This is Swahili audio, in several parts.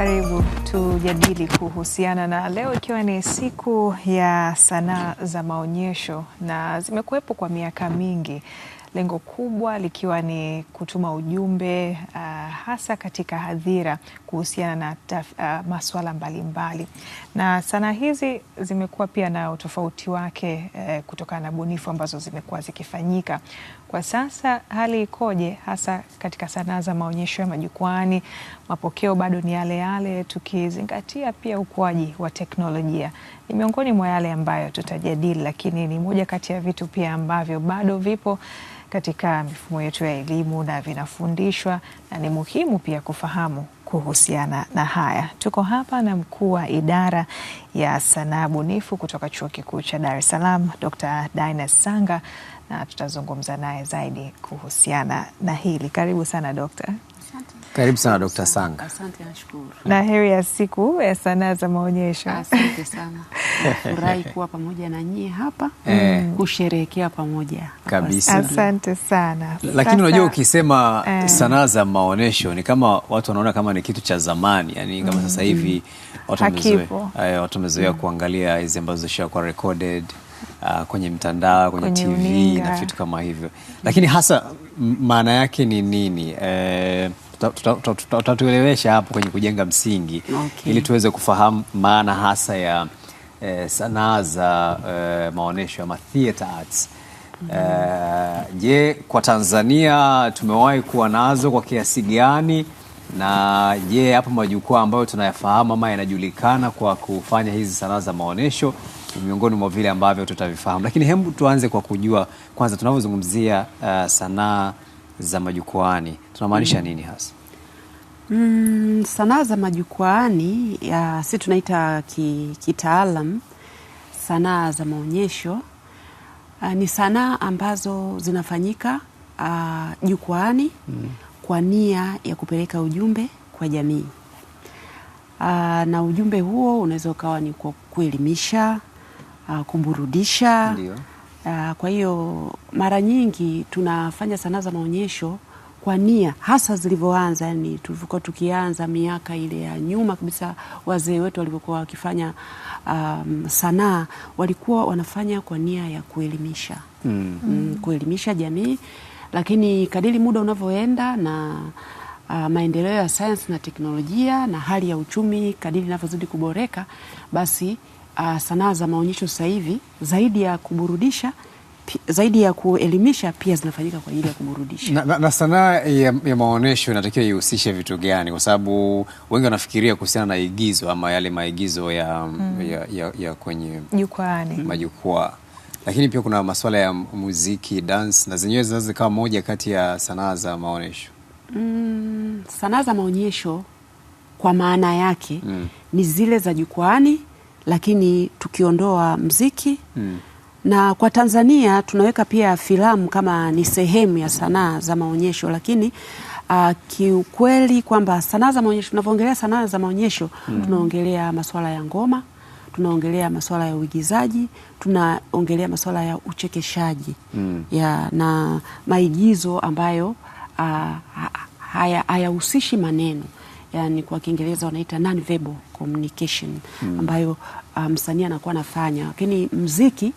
Karibu tujadili kuhusiana na leo, ikiwa ni siku ya sanaa za maonyesho na zimekuwepo kwa miaka mingi, lengo kubwa likiwa ni kutuma ujumbe uh, hasa katika hadhira kuhusiana na uh, ah, masuala mbalimbali na sanaa hizi zimekuwa pia na utofauti wake eh, kutokana na bunifu ambazo zimekuwa zikifanyika. Kwa sasa hali ikoje, hasa katika sanaa za maonyesho ya majukwaani? Mapokeo bado ni yale yale, tukizingatia pia ukuaji wa teknolojia? Ni miongoni mwa yale ambayo tutajadili, lakini ni moja kati ya vitu pia ambavyo bado vipo katika mifumo yetu ya elimu na vinafundishwa na ni muhimu pia kufahamu kuhusiana na haya. Tuko hapa na mkuu wa idara ya sanaa bunifu kutoka Chuo Kikuu cha Dar es Salaam, Dr. Dines Sanga na tutazungumza naye zaidi kuhusiana na hili. Karibu sana dokta. Karibu sana Dkt. Sanga. Asante, nashukuru. Na heri ya siku ya sanaa za maonyesho. Asante sana. Furahi kuwa pamoja na nyie hapa eh, kusherehekea pamoja kabisa. Asante sana. Lakini unajua ukisema eh, sanaa za maonyesho ni kama watu wanaona kama ni kitu cha zamani, yani kama mm Sasa hivi watu eh, wamezoea mm kuangalia hizi ambazo zishakuwa recorded Uh, kwenye mtandao kwenye, kwenye TV uninga na vitu kama hivyo, lakini hasa maana yake ni nini? Eh, utatuelewesha hapo kwenye kujenga msingi okay, ili tuweze kufahamu maana hasa ya eh, sanaa za eh, maonyesho ya theater arts. Mm -hmm. Uh, je, kwa Tanzania tumewahi kuwa nazo kwa kiasi gani? Na je, hapo majukwaa ambayo tunayafahamu ama yanajulikana kwa kufanya hizi sanaa za maonyesho miongoni mwa vile ambavyo tutavifahamu, lakini hebu tuanze kwa kujua kwanza tunavyozungumzia uh, sanaa za majukwaani tunamaanisha mm. nini hasa? Mm, sanaa za majukwaani si tunaita kitaalam ki sanaa za maonyesho ah, ni sanaa ambazo zinafanyika ah, jukwaani mm. kwa nia ya kupeleka ujumbe kwa jamii uh, na ujumbe huo unaweza ukawa ni kwa kuelimisha kuburudisha Ndiyo. Ah, kwa hiyo mara nyingi tunafanya sanaa za maonyesho kwa nia hasa zilivyoanza, yani tulivyokuwa tukianza miaka ile ya nyuma kabisa, wazee wetu walivyokuwa wakifanya um, sanaa walikuwa wanafanya kwa nia ya kuelimisha mm. Mm, kuelimisha jamii, lakini kadiri muda unavyoenda na Uh, maendeleo ya sayansi na teknolojia na hali ya uchumi kadiri inavyozidi kuboreka, basi uh, sanaa za maonyesho sasa hivi zaidi ya kuburudisha zaidi ya kuelimisha pia zinafanyika kwa ajili ya kuburudisha. Na, na, na sanaa ya, ya maonyesho inatakiwa ihusishe vitu gani? Kwa sababu wengi wanafikiria kuhusiana na igizo ama yale maigizo ya, mm. ya, ya, ya kwenye jukwaani, hmm. majukwaa, lakini pia kuna masuala ya muziki, dance na zenyewe zinaweza zikawa moja kati ya sanaa za maonyesho mm, sanaa za maonyesho kwa maana yake mm. ni zile za jukwaani lakini tukiondoa mziki mm. Na kwa Tanzania tunaweka pia filamu kama ni sehemu ya sanaa za maonyesho, lakini uh, kiukweli kwamba sanaa za maonyesho tunavyoongelea sanaa za maonyesho mm. tunaongelea masuala ya ngoma, tunaongelea masuala ya uigizaji, tunaongelea masuala ya uchekeshaji mm. ya, na maigizo ambayo uh, hayahusishi haya maneno yani kwa Kiingereza wanaita non-verbal communication mm. ambayo ah, msanii um, anakuwa anafanya, lakini mziki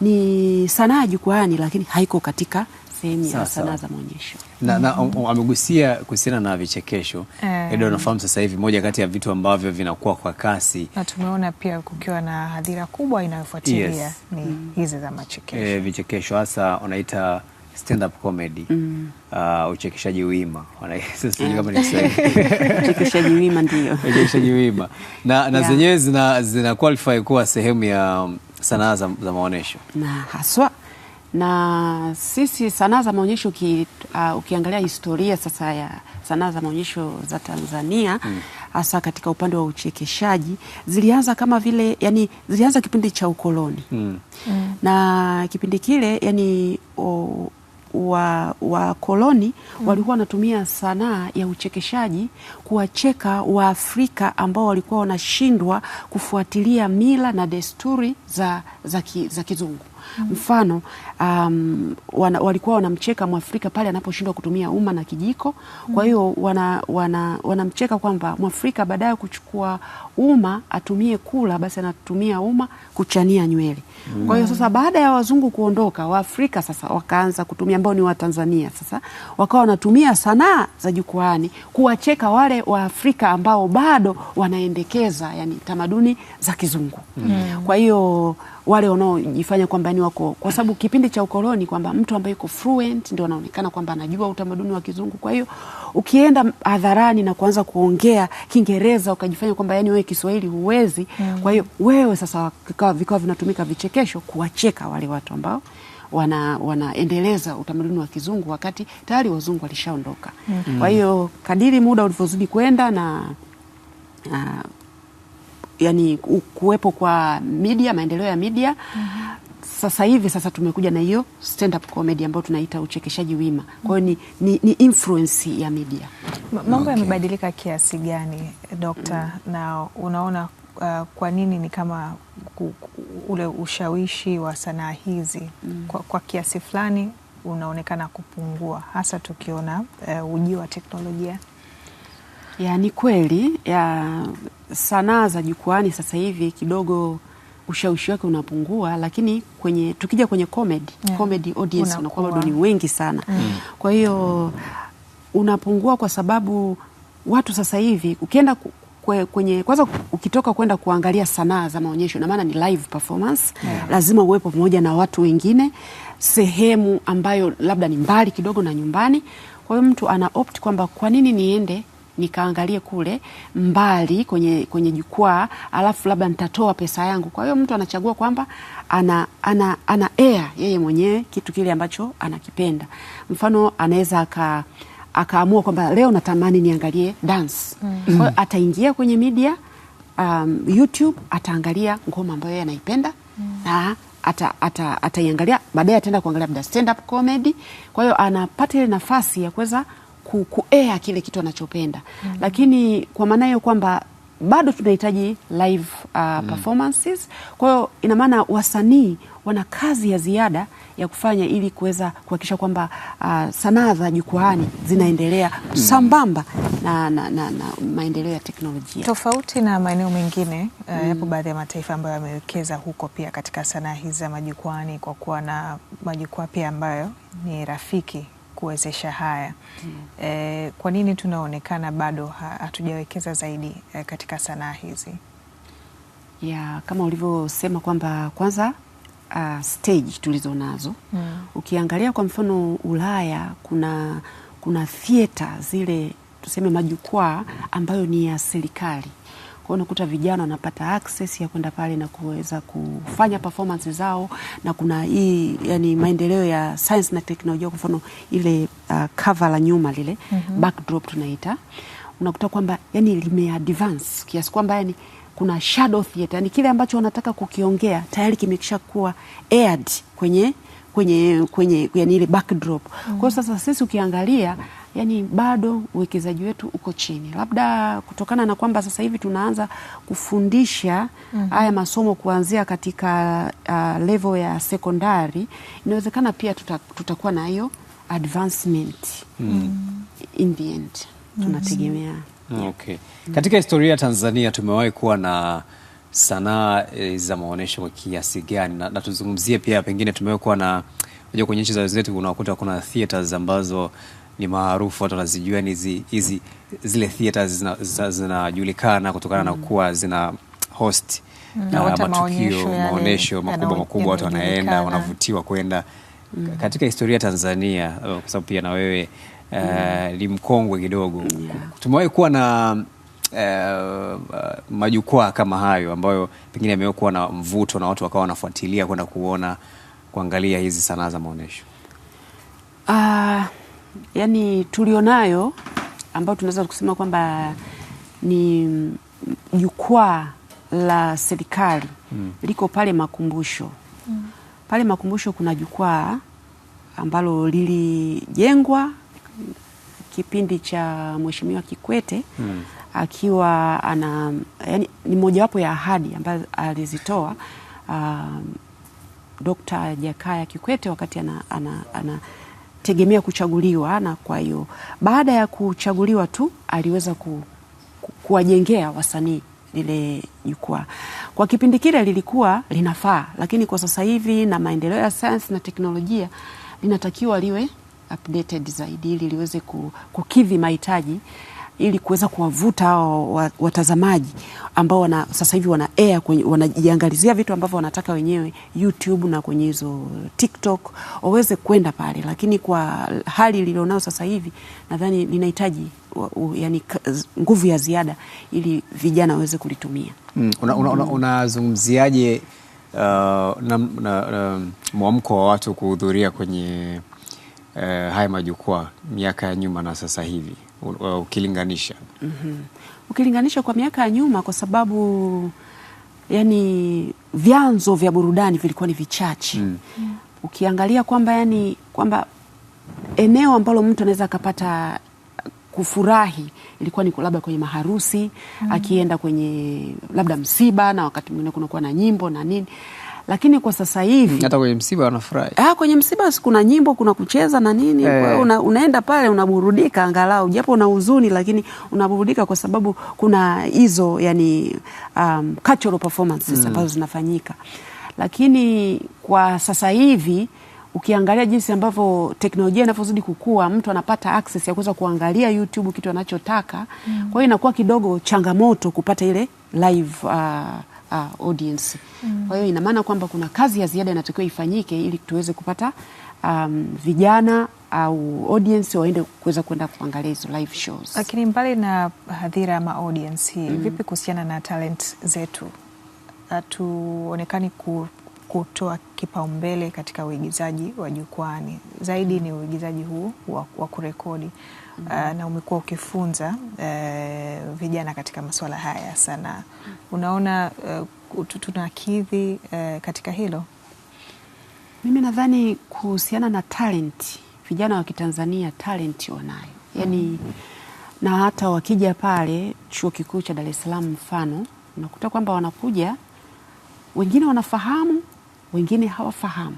ni sanaa jukwaani, lakini haiko katika sehemu ya sanaa za maonyesho na, na hmm. um, amegusia kuhusiana na vichekesho eh. Edo, nafahamu sasa hivi moja kati ya vitu ambavyo vinakuwa kwa kasi na tumeona pia kukiwa na hadhira kubwa inayofuatilia yes. ni hmm. hizi za machekesho eh, vichekesho hasa wanaita stand up comedy mm. Uh, uchekeshaji wima kama ni uchekeshaji wima ndio uchekeshaji wima na, na yeah. zenyewe zina, zina qualify kuwa sehemu ya um, sanaa za, za maonyesho na haswa na sisi sanaa za maonyesho uki, uh, ukiangalia historia sasa ya sanaa za maonyesho za Tanzania mm. hasa mm. katika upande wa uchekeshaji zilianza kama vile yani, zilianza kipindi cha ukoloni mm. Mm. na kipindi kile yani, o, wa, wa koloni mm. walikuwa wanatumia sanaa ya uchekeshaji kuwacheka Waafrika ambao walikuwa wanashindwa kufuatilia mila na desturi za, za, ki, za kizungu mm. Mfano um, wana, walikuwa wanamcheka Mwafrika pale anaposhindwa kutumia umma na kijiko mm. Kwa hiyo wanamcheka wana, wana kwamba Mwafrika baadaye kuchukua umma atumie kula, basi anatumia umma kuchania nywele mm. Kwa hiyo sasa baada ya wazungu kuondoka, Waafrika sasa wakaanza kutumia ambao ni Watanzania sasa wakawa wanatumia sanaa za jukwaani kuwacheka wale Waafrika ambao bado wanaendekeza yani tamaduni za kizungu mm. Kwa hiyo wale wanaojifanya kwamba ni wako, kwa sababu kipindi cha ukoloni kwamba mtu ambaye yuko fluent ndio anaonekana kwamba anajua utamaduni wa Kizungu. Kwa hiyo ukienda hadharani na kuanza kuongea Kiingereza ukajifanya kwamba yani wewe Kiswahili huwezi mm. Kwa hiyo wewe sasa vikawa, vinatumika vichekesho kuwacheka wale watu ambao wana wanaendeleza utamaduni wa Kizungu wakati tayari wazungu walishaondoka. mm Kwa hiyo kadiri muda ulivyozidi kwenda na ah, yani kuwepo kwa media, maendeleo ya media mm -hmm. Sasa hivi sasa tumekuja na hiyo stand up comedy ambayo tunaita uchekeshaji wima, kwa hiyo ni, ni, ni influence ya media. Mambo okay. yamebadilika kiasi gani dokta? mm. na unaona uh, kwa nini ni kama ule ushawishi wa sanaa hizi mm. kwa, kwa kiasi fulani unaonekana kupungua hasa tukiona uh, ujio wa teknolojia ya ni kweli ya sanaa za jukwani sasa hivi kidogo ushawishi wake unapungua, lakini kwenye tukija kwenye comedy, yeah. comedy audience unakuwa bado ni wengi sana mm. kwa hiyo unapungua kwa sababu watu sasa hivi ukienda kwenye kwanza, ukitoka kwenda kuangalia sanaa za maonyesho, na maana ni live performance yeah. lazima uwepo pamoja na watu wengine sehemu ambayo labda ni mbali kidogo na nyumbani. Kwa hiyo mtu ana opt kwamba kwa nini niende nikaangalie kule mbali kwenye, kwenye jukwaa alafu labda nitatoa pesa yangu. Kwa hiyo mtu anachagua kwamba ana, ana, ana air yeye mwenyewe kitu kile ambacho anakipenda. Mfano anaweza aka akaamua kwamba leo natamani niangalie dance mm. Kwa hiyo ataingia kwenye media um, YouTube ataangalia ngoma ambayo yeye anaipenda mm. na ata, ata, ataiangalia baadaye ataenda kuangalia labda stand up comedy. Kwa hiyo anapata ile nafasi ya kuweza ku, kuea kile kitu anachopenda mm. Lakini kwa maana hiyo kwamba bado tunahitaji live uh, mm. performances. Kwa hiyo ina maana wasanii wana kazi ya ziada ya kufanya ili kuweza kuhakikisha kwamba uh, sanaa za jukwaani zinaendelea mm-hmm. sambamba na, na, na, na maendeleo ya teknolojia. Tofauti na maeneo mengine uh, yapo baadhi ya mataifa ambayo yamewekeza huko pia katika sanaa hizi za majukwaani kwa kuwa na majukwaa pia ambayo ni rafiki kuwezesha haya mm. E, kwa nini tunaonekana bado hatujawekeza zaidi e, katika sanaa hizi? ya kama ulivyosema kwamba kwanza uh, stage tulizo nazo mm. Ukiangalia kwa mfano Ulaya kuna kuna theater zile tuseme majukwaa ambayo ni ya serikali kwao unakuta vijana wanapata access ya kwenda pale na kuweza kufanya performance zao, na kuna hii yani maendeleo ya science na teknolojia. Kwa mfano ile uh, cover la nyuma lile mm -hmm. backdrop tunaita, unakuta kwamba yani limeadvance kiasi kwamba yani kuna shadow theater, yani kile ambacho wanataka kukiongea tayari kimekisha kuwa aired kwenye kwenye kwenye yani ile backdrop. Mm -hmm. Kwa mhm. sasa sisi ukiangalia yani bado uwekezaji wetu uko chini, labda kutokana na kwamba sasa hivi tunaanza kufundisha mm -hmm. haya masomo kuanzia katika uh, level ya sekondari, inawezekana pia tuta, tutakuwa na hiyo advancement mm -hmm. in the end tunategemea. Mm. Ah, okay. Katika historia ya Tanzania tumewahi kuwa na sanaa e, za maonyesho kwa kiasi gani? Na, na tuzungumzie pia pengine tumewekuwa kuwa na unajua kwenye nchi za wenzetu unakuta kuna theaters ambazo ni maarufu, watu wanazijua hizi hizi zile theaters zinajulikana zina kutokana na mm. kuwa zina host mm. Uh, na matukio maonesho makubwa makubwa, watu wanaenda wanavutiwa kwenda mm. katika historia ya Tanzania, uh, kwa sababu pia na wewe uh, mm. ni mkongwe kidogo yeah. tumewahi kuwa na Uh, majukwaa kama hayo ambayo pengine yamekuwa na mvuto na watu wakawa wanafuatilia kwenda kuona kuangalia hizi sanaa za maonyesho. Uh, ah, yani tulionayo ambayo tunaweza kusema kwamba ni jukwaa la serikali mm. liko pale makumbusho mm. pale makumbusho kuna jukwaa ambalo lilijengwa kipindi cha Mheshimiwa Kikwete mm. akiwa ana yani, ni mojawapo ya ahadi ambazo alizitoa uh, um, Dkt. Jakaya Kikwete wakati ana, ana, ana tegemea kuchaguliwa, na kwa hiyo baada ya kuchaguliwa tu aliweza ku, ku, kuwajengea wasanii lile jukwaa. Kwa kipindi kile lilikuwa linafaa, lakini kwa sasa hivi na maendeleo ya sayansi na teknolojia linatakiwa liwe updated zaidi ili liweze kukidhi mahitaji ili kuweza kuwavuta hao watazamaji ambao wana, sasa hivi wana air wanajiangalizia vitu ambavyo wanataka wenyewe YouTube na kwenye hizo TikTok waweze kwenda pale, lakini kwa hali lilionao sasa hivi nadhani linahitaji yani nguvu ya ziada ili vijana waweze kulitumia. Mm, unazungumziaje una, una uh, um, mwamko wa watu kuhudhuria kwenye uh, haya majukwaa miaka ya nyuma na sasa hivi? Uh, ukilinganisha mm -hmm. ukilinganisha kwa miaka ya nyuma, kwa sababu yani vyanzo vya burudani vilikuwa ni vichache mm. Ukiangalia kwamba yani kwamba eneo ambalo mtu anaweza akapata kufurahi ilikuwa ni labda kwenye maharusi mm. akienda kwenye labda msiba, na wakati mwingine kunakuwa na nyimbo na nini lakini kwa sasa hivi hata kwenye msiba wanafurahi. Ah, kwenye msiba kuna nyimbo, kuna kucheza na nini hey. Eh. Una, unaenda pale unaburudika angalau japo una huzuni, lakini unaburudika kwa sababu kuna hizo yani, um, cultural performances mm. ambazo mm. zinafanyika, lakini kwa sasa hivi ukiangalia jinsi ambavyo teknolojia inavyozidi kukua, mtu anapata access ya kuweza kuangalia YouTube kitu anachotaka mm. Kwa hiyo inakuwa kidogo changamoto kupata ile live uh, uh, audience mm. Kwa hiyo ina maana kwamba kuna kazi ya ziada inatakiwa ifanyike ili tuweze kupata um, vijana au audience waende kuweza kwenda kuangalia hizo live shows. Lakini mbali na hadhira ama audience hii mm. Vipi kuhusiana na talent zetu, hatuonekani ku kutoa kipaumbele katika uigizaji wa jukwani zaidi, mm-hmm. ni uigizaji huu wa kurekodi mm -hmm. na umekuwa ukifunza uh, vijana katika masuala haya ya sanaa unaona uh, tunakidhi uh, katika hilo? Mimi nadhani kuhusiana na talenti, vijana wa Kitanzania talenti wanayo yani mm -hmm. na hata wakija pale chuo kikuu cha Dar es Salaam mfano, unakuta kwamba wanakuja wengine wanafahamu, wengine hawafahamu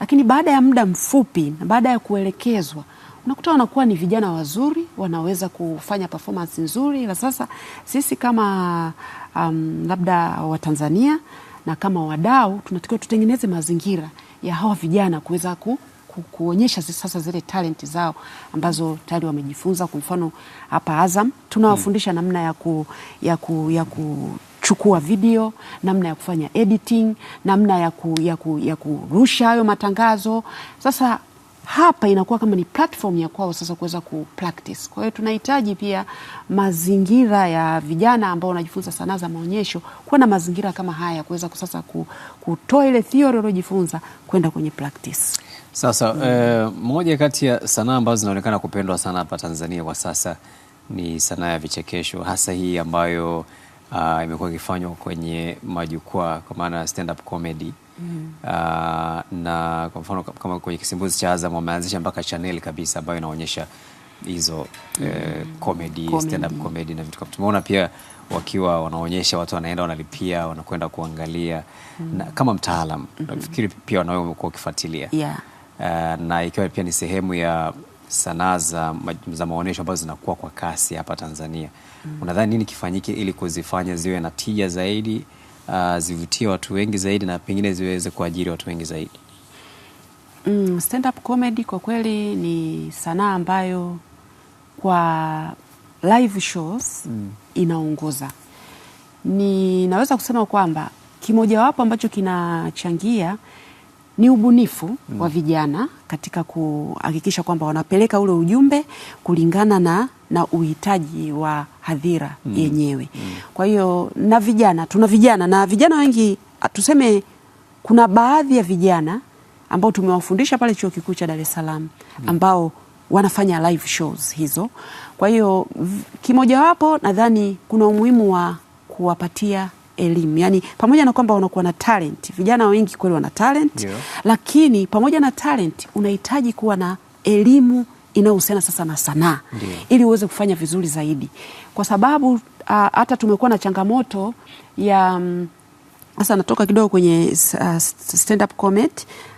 lakini baada ya muda mfupi na baada ya kuelekezwa unakuta wanakuwa ni vijana wazuri, wanaweza kufanya performance nzuri. Ila sasa sisi kama um, labda Watanzania na kama wadau tunatakiwa tutengeneze mazingira ya hawa vijana kuweza ku, ku, kuonyesha sasa zile talenti zao ambazo tayari wamejifunza. Kwa mfano hapa Azam tunawafundisha namna ya ku, ya ku, ya ku kuchukua video, namna ya kufanya editing, namna ya, ku, ya, ku, ya kurusha hayo matangazo. Sasa hapa inakuwa kama ni platform ya kwao sasa kuweza ku practice. Kwa hiyo tunahitaji pia mazingira ya vijana ambao wanajifunza sanaa za maonyesho kuwa na mazingira kama haya kuweza sasa kutoa ile theory uliojifunza kwenda kwenye practice. Sasa mm. Eh, moja kati ya sanaa ambazo zinaonekana kupendwa sana hapa Tanzania kwa sasa ni sanaa ya vichekesho hasa hii ambayo uh, imekuwa ikifanywa kwenye majukwaa kwa maana stand up comedy mm. -hmm. Uh, na kwa mfano kama kwenye kisimbuzi cha Azam wameanzisha mpaka chaneli kabisa ambayo inaonyesha hizo mm. -hmm. eh, mm-hmm. comedy, comedy, stand up comedy na vitu Tumeona pia wakiwa wanaonyesha watu wanaenda wanalipia wanakwenda kuangalia mm. -hmm. na, mm-hmm. kama mtaalam mm -hmm. nafikiri pia wanawe umekuwa ukifuatilia yeah. Uh, na ikiwa pia ni sehemu ya sanaa za, za maonyesho ambazo zinakuwa kwa kasi hapa Tanzania mm. Unadhani nini kifanyike ili kuzifanya ziwe na tija zaidi, uh, zivutie watu wengi zaidi na pengine ziweze kuajiri watu wengi zaidi? Mm, stand up comedy kwa kweli ni sanaa ambayo kwa live shows mm. inaongoza. Ninaweza kusema kwamba kimojawapo ambacho kinachangia ni ubunifu mm. wa vijana katika kuhakikisha kwamba wanapeleka ule ujumbe kulingana na, na uhitaji wa hadhira mm. yenyewe mm. Kwa hiyo na vijana tuna vijana na vijana wengi tuseme, kuna baadhi ya vijana ambao tumewafundisha pale Chuo Kikuu cha Dar es Salaam mm. ambao wanafanya live shows hizo. Kwa hiyo kimojawapo, nadhani kuna umuhimu wa kuwapatia elimu. Yaani pamoja na kwamba wanakuwa na talent, vijana wengi kweli wana talent yeah. Lakini pamoja na talent unahitaji kuwa na elimu inayohusiana sasa na sanaa yeah. Ili uweze kufanya vizuri zaidi, kwa sababu ah, hata tumekuwa na changamoto ya mm, sasa natoka kidogo kwenye uh, stand up comedy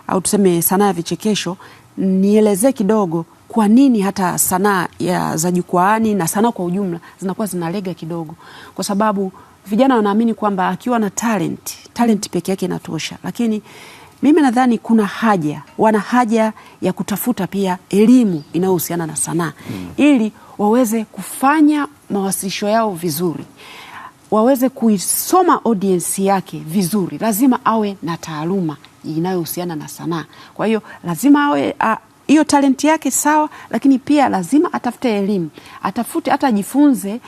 au tuseme sanaa ya vichekesho, nielezee kidogo kwa nini hata sanaa za jukwaani na sanaa kwa ujumla zinakuwa zinalega kidogo, kwa sababu vijana wanaamini kwamba akiwa na talent, talent peke yake inatosha, lakini mimi nadhani kuna haja, wana haja ya kutafuta pia elimu inayohusiana na sanaa mm. ili waweze kufanya mawasilisho yao vizuri, waweze kuisoma audience yake vizuri. Lazima awe na taaluma inayohusiana na sanaa, kwa hiyo lazima awe a, hiyo talenti yake sawa, lakini pia lazima atafute elimu, atafute hata ajifunze,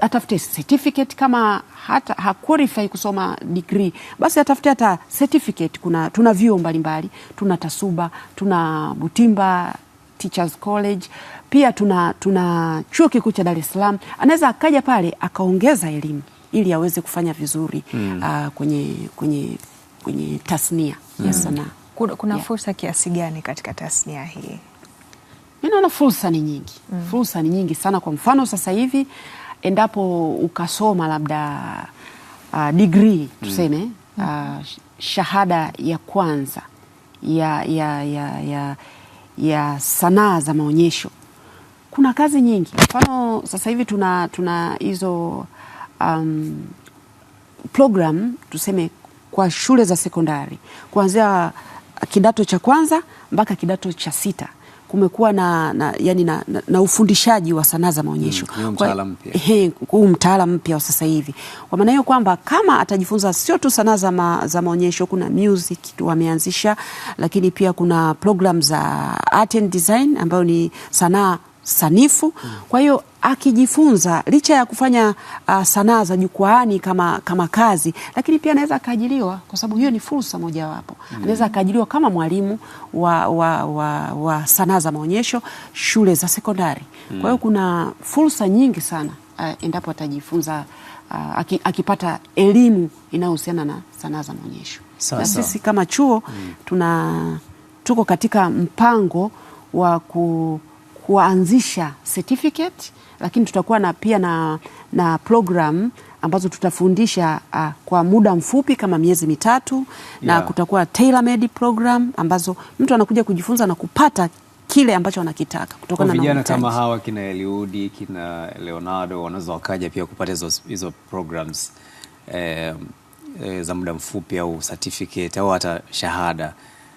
atafute certificate kama hata hakurifai kusoma degree, basi atafute hata certificate. Kuna tuna vyuo mbalimbali, tuna Tasuba, tuna Butimba Teachers College pia tuna, tuna chuo kikuu cha Dar es Salaam. Anaweza akaja pale akaongeza elimu ili aweze kufanya vizuri mm. Uh, kwenye, kwenye, kwenye tasnia mm. ya hmm. sanaa. Kuna, kuna yeah. fursa kiasi gani katika tasnia hii? Mi naona fursa ni nyingi mm. Fursa ni nyingi sana. Kwa mfano sasa hivi endapo ukasoma labda uh, degree mm. tuseme uh, mm. uh, shahada ya kwanza ya, ya, ya, ya, ya sanaa za maonyesho kuna kazi nyingi. Mfano sasa hivi tuna tuna hizo um, program tuseme kwa shule za sekondari kuanzia kidato cha kwanza mpaka kidato cha sita kumekuwa na, na, yani na, na, na ufundishaji wa sanaa za maonyesho mm, huu mtaala mpya wa sasa hivi, kwa maana hiyo kwamba kama atajifunza sio tu sanaa za, ma, za maonyesho, kuna music wameanzisha, lakini pia kuna program za art and design ambayo ni sanaa sanifu. Kwa hiyo akijifunza licha ya kufanya uh, sanaa za jukwaani kama, kama kazi, lakini pia anaweza akaajiriwa, kwa sababu hiyo ni fursa mojawapo. Mm. Anaweza akaajiriwa kama mwalimu wa, wa, wa, wa sanaa za maonyesho shule za sekondari. Mm. Kwa hiyo kuna fursa nyingi sana uh, endapo atajifunza uh, akipata elimu inayohusiana na sanaa za maonyesho. Na sisi kama chuo mm. tuna tuko katika mpango wa ku kuwaanzisha certificate, lakini tutakuwa na pia na, na program ambazo tutafundisha uh, kwa muda mfupi kama miezi mitatu yeah. Na kutakuwa tailor made program ambazo mtu anakuja kujifunza na kupata kile ambacho anakitaka kutokana na vijana kama hawa kina Eliudi kina Leonardo wanaweza wakaja pia kupata hizo programs eh, eh, za muda mfupi au certificate au hata shahada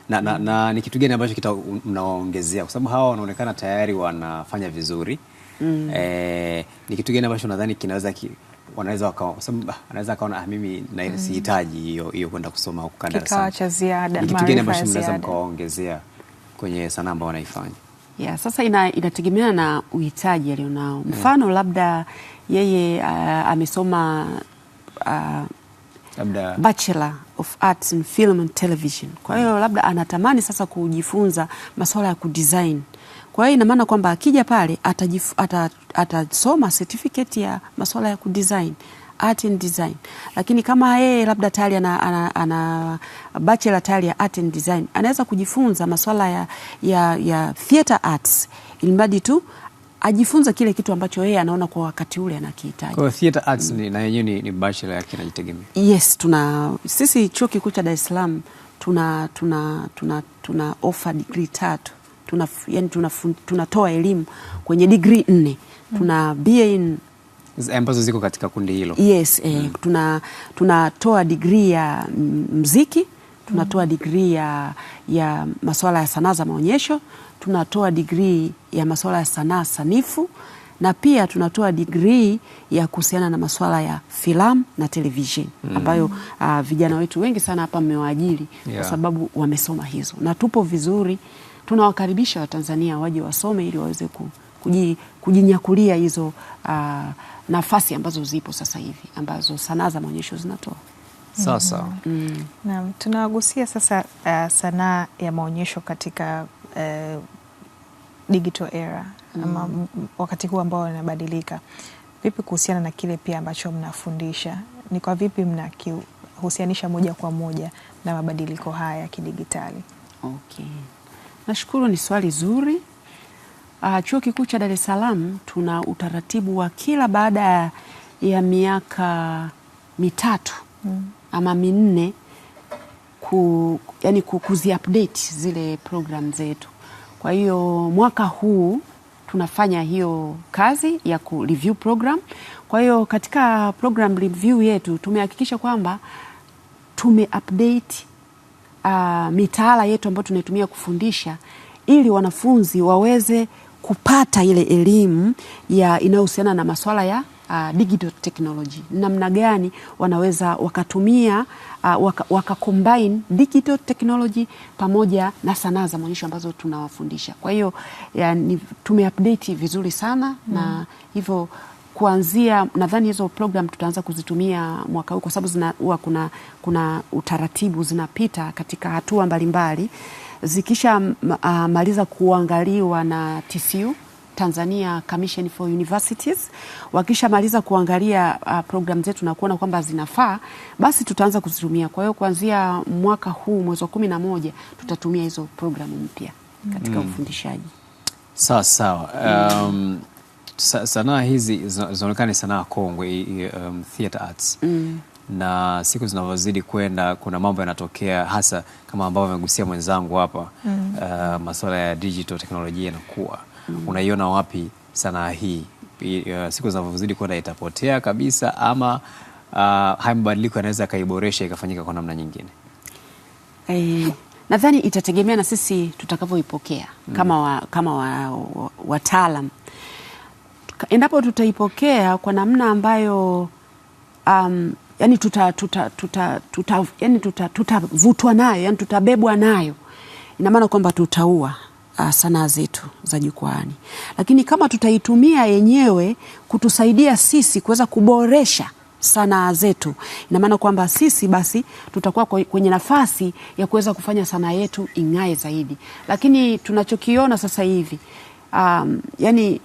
na, na, na ni kitu gani ambacho kita mnaongezea kwa sababu hawa wanaonekana tayari wanafanya vizuri mm. E, ni kitu gani ambacho nadhani kinaweza ki, wanaweza anaweza ah, akaona ah, mimi na mm. sihitaji hiyo hiyo kwenda kusoma huko kandarasi, kikawa cha ziada. Ni kitu gani ambacho mnaweza mkaongezea kwenye sanaa ambayo wanaifanya? Yeah, sasa ina, inategemeana na uhitaji alionao. Mm. Mfano yeah. labda yeye uh, amesoma uh, labda bachelor of Arts in Film and Television. Kwa hiyo mm. labda anatamani sasa kujifunza masuala ya kudesign. Kwa hiyo ina maana kwamba akija pale atasoma ata certificate ya masuala ya kudesign art and design, lakini kama yeye labda tayari ana, ana, ana bachelor tayari ya art and design, anaweza kujifunza masuala ya, ya, ya theater arts, ilimradi tu ajifunza kile kitu ambacho yeye anaona kwa wakati ule anakihitaji. Kwa theater arts mm. na yenyewe ni, ni bachelor yake inajitegemea. Yes, tuna sisi chuo kikuu cha Dar es Salaam tuna tuna tuna tuna offer degree tatu. Tuna yani tunatoa tuna, tuna elimu kwenye degree nne. Tuna mm. BA in ambazo ziko katika kundi hilo. Yes, eh, mm. tuna tunatoa degree ya mziki, tunatoa degree ya ya masuala ya sanaa za maonyesho tunatoa digrii ya masuala ya sanaa sanifu na pia tunatoa digrii ya kuhusiana na masuala ya filamu na televisheni mm. ambayo uh, vijana wetu wengi sana hapa mmewaajiri yeah. kwa sababu wamesoma hizo, na tupo vizuri, tunawakaribisha Watanzania waje wasome ili waweze kuji, kujinyakulia hizo uh, nafasi ambazo zipo sasa hivi ambazo sanaa za maonyesho zinatoa. Sasa mm. Naam, tunawagusia sasa uh, sanaa ya maonyesho katika uh, digital era mm. ama wakati huu ambao unabadilika, vipi kuhusiana na kile pia ambacho mnafundisha, ni kwa vipi mnakihusianisha moja kwa moja na mabadiliko haya ya kidigitali? Okay. Nashukuru, ni swali zuri. Uh, Chuo Kikuu cha Dar es Salaam tuna utaratibu wa kila baada ya miaka mitatu mm. ama minne ku, yani kuziupdate zile program zetu kwa hiyo mwaka huu tunafanya hiyo kazi ya ku review program. Kwa hiyo katika program review yetu tumehakikisha kwamba tume update uh, ah, mitaala yetu ambayo tunaitumia kufundisha ili wanafunzi waweze kupata ile elimu ya inayohusiana na masuala ya uh, digital technology, namna gani wanaweza wakatumia uh, waka, waka digital technology pamoja na sanaa za maonyesho ambazo tunawafundisha. Kwa hiyo yani, tumeupdate vizuri sana mm. na hivyo kuanzia nadhani hizo program tutaanza kuzitumia mwaka huu, kwa sababu zinaua kuna, kuna utaratibu zinapita katika hatua mbalimbali, zikisha uh, maliza kuangaliwa na TCU Tanzania Commission for Universities. Wakishamaliza kuangalia uh, programu zetu na kuona kwamba zinafaa, basi tutaanza kuzitumia. Kwa hiyo kuanzia mwaka huu mwezi wa kumi na moja tutatumia hizo programu mpya katika mm. ufundishaji. Sawa sawa. um, sa, sanaa hizi zinaonekana ni sanaa kongwe um, theater arts mm na siku zinavyozidi kwenda kuna mambo yanatokea, hasa kama ambavyo amegusia mwenzangu hapa mm. Uh, masuala ya digital teknolojia yanakuwa mm. unaiona wapi sanaa hii uh, siku zinavyozidi kwenda itapotea kabisa ama uh, haya mabadiliko yanaweza akaiboresha ikafanyika kwa namna nyingine? E, nadhani itategemea na sisi tutakavyoipokea mm. kama, wa, kama wa, wa, wataalam endapo tutaipokea kwa namna ambayo um, yani tutavutwa tuta, tuta, tuta, yani tuta nayo yani tutabebwa nayo, ina maana kwamba tutaua uh, sanaa zetu za jukwaani, lakini kama tutaitumia yenyewe kutusaidia sisi kuweza kuboresha sanaa zetu, ina maana kwamba sisi basi tutakuwa kwenye nafasi ya kuweza kufanya sanaa yetu ing'ae zaidi. Lakini tunachokiona sasa hivi um, yani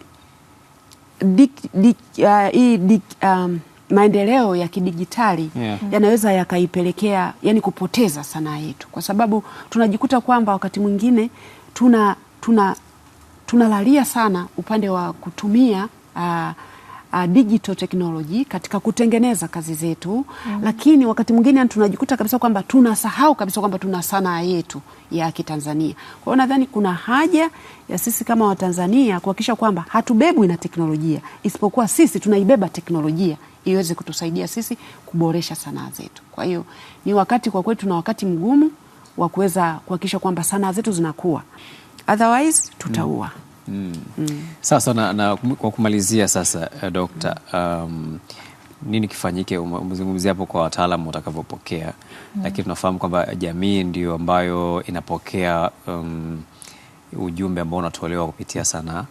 dik, dik, uh, i, dik, um, maendeleo ya kidijitali yeah, yanaweza yakaipelekea yani kupoteza sanaa yetu, kwa sababu tunajikuta kwamba wakati mwingine tuna tuna tunalalia sana upande wa kutumia uh, uh, digital technology katika kutengeneza kazi zetu mm -hmm. Lakini wakati mwingine tunajikuta kabisa kwamba tunasahau kabisa kwamba tuna sanaa yetu ya Kitanzania. Kwa hiyo nadhani kuna haja ya sisi kama Watanzania kuhakikisha kwamba hatubebwi na teknolojia, isipokuwa sisi tunaibeba teknolojia iweze kutusaidia sisi kuboresha sanaa zetu. Kwa hiyo ni wakati kwa kweli, tuna wakati mgumu wa kuweza kuhakikisha kwamba sanaa zetu zinakuwa, otherwise tutaua. mm. mm. mm. Sasa na, na kwa kumalizia sasa, uh, eh, dokta um, nini kifanyike? Umezungumzia hapo kwa wataalamu watakavyopokea, mm. lakini tunafahamu kwamba jamii ndio ambayo inapokea um, ujumbe ambao unatolewa kupitia sanaa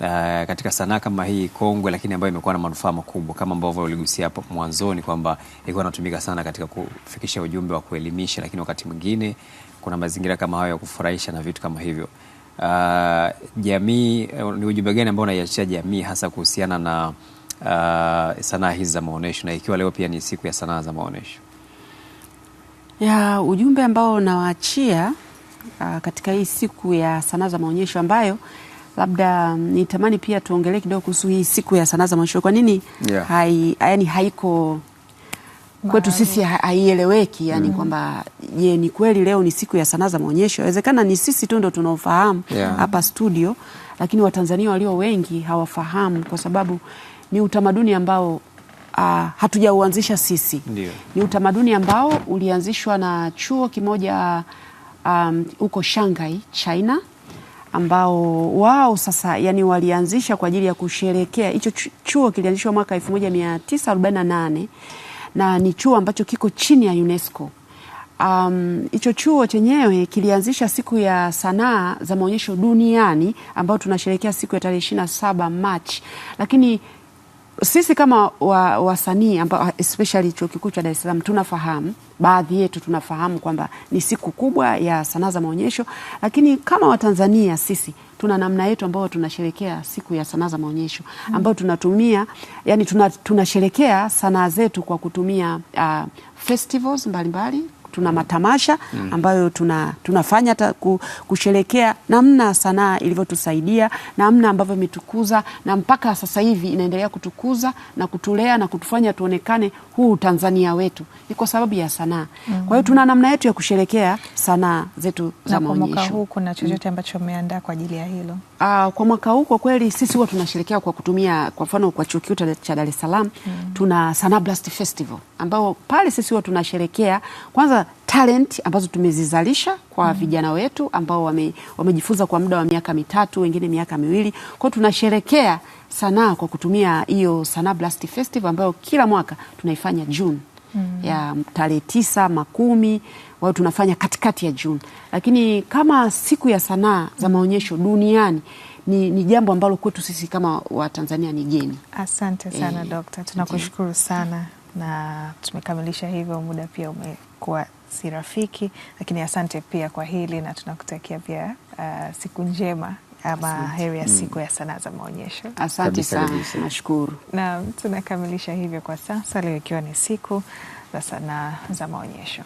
uh, katika sanaa kama hii kongwe, lakini ambayo imekuwa na manufaa makubwa kama ambavyo uligusia hapo mwanzoni kwamba ilikuwa inatumika sana katika kufikisha ujumbe wa kuelimisha, lakini wakati mwingine kuna mazingira kama hayo ya kufurahisha na vitu kama hivyo. Uh, jamii, ni ujumbe gani ambao unaiachia jamii hasa kuhusiana na uh, sanaa hizi za maonyesho na ikiwa leo pia ni siku ya sanaa za maonyesho? Ya, ujumbe ambao unawaachia uh, katika hii siku ya sanaa za maonyesho ambayo labda mm, nitamani pia tuongelee kidogo kuhusu hii siku ya sanaa za mwisho. Kwa nini yeah. hai, yani haiko kwetu sisi haieleweki yani, mm. kwamba je, ni kweli leo ni siku ya sanaa za maonyesho? Inawezekana ni sisi tu ndo tunaofahamu hapa yeah. studio, lakini Watanzania walio wengi hawafahamu kwa sababu ni utamaduni ambao uh, hatujauanzisha sisi. Ndiyo. Ni utamaduni ambao ulianzishwa na chuo kimoja um, huko um, Shanghai, China ambao wao sasa yani walianzisha kwa ajili ya kusherekea. Hicho chuo kilianzishwa mwaka 1948 na ni chuo ambacho kiko chini ya UNESCO. Um, hicho chuo chenyewe kilianzisha siku ya sanaa za maonyesho duniani ambayo tunasherekea siku ya tarehe 27 Machi, lakini sisi kama wasanii wa ambao especially chuo kikuu cha Dar es Salaam tunafahamu, baadhi yetu tunafahamu kwamba ni siku kubwa ya sanaa za maonyesho, lakini kama Watanzania sisi tuna namna yetu ambayo tunasherekea siku ya sanaa za maonyesho ambayo tunatumia yani, tunasherekea sanaa zetu kwa kutumia uh, festivals mbalimbali mbali tuna matamasha mm. ambayo tuna, tunafanya ta, kusherekea namna sanaa ilivyotusaidia, namna ambavyo imetukuza na mpaka sasa hivi inaendelea kutukuza na kutulea na kutufanya tuonekane huu Tanzania wetu ni kwa sababu ya sanaa mm. kwa hiyo tuna namna yetu ya kusherekea sanaa zetu za maonyesho. kuna chochote ambacho umeandaa kwa ajili ya hilo? Uh, kwa mwaka huu kwa kweli sisi huwa tunasherekea kwa kutumia kwa mfano kwa chuo kikuu cha Dar es Salaam mm. tuna Blast Festival ambao pale sisi huwa tunasherekea kwanza talent ambazo tumezizalisha kwa mm. vijana wetu ambao wamejifunza wame kwa muda wa miaka mitatu, wengine miaka miwili. Kwa tunasherekea sanaa kwa kutumia hiyo Blast Festival ambayo kila mwaka tunaifanya June mm. ya tarehe tisa makumi wao tunafanya katikati ya Juni, lakini kama siku ya sanaa za maonyesho duniani ni, ni jambo ambalo kwetu sisi kama Watanzania ni geni. Asante eh, sana e, dokta, tunakushukuru sana na tumekamilisha hivyo, muda pia umekuwa si rafiki, lakini asante pia kwa hili na tunakutakia pia uh, siku njema ama heri ya mm. siku ya sanaa za maonyesho. Asante sana, nashukuru. Naam, tunakamilisha hivyo kwa sasa leo, ikiwa ni siku za sanaa za maonyesho.